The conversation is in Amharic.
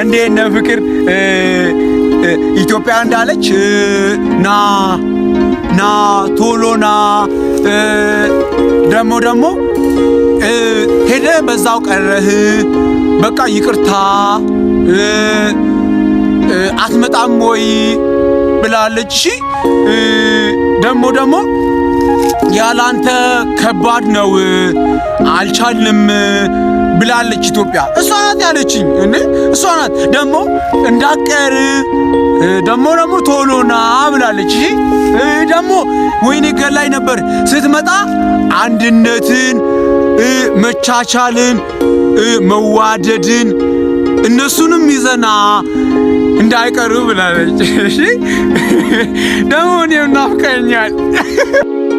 እንዴ ነህ ፍቅር? ኢትዮጵያ እንዳለች ና ና ቶሎ ና። ደሞ ደሞ ሄደ በዛው ቀረህ። በቃ ይቅርታ አትመጣም ወይ ብላለች። እሺ ደግሞ ያላንተ ከባድ ነው፣ አልቻልንም ብላለች ኢትዮጵያ። እሷ ናት ያለችኝ እኔ እሷ ናት ደግሞ እንዳቀር ደግሞ ደግሞ ቶሎና ብላለች። እሺ ደግሞ ወይኔ ገር ላይ ነበር ስትመጣ አንድነትን፣ መቻቻልን፣ መዋደድን እነሱንም ይዘና እንዳይቀሩ ብላለች። እሺ ደግሞ እኔም ናፍቀኛል።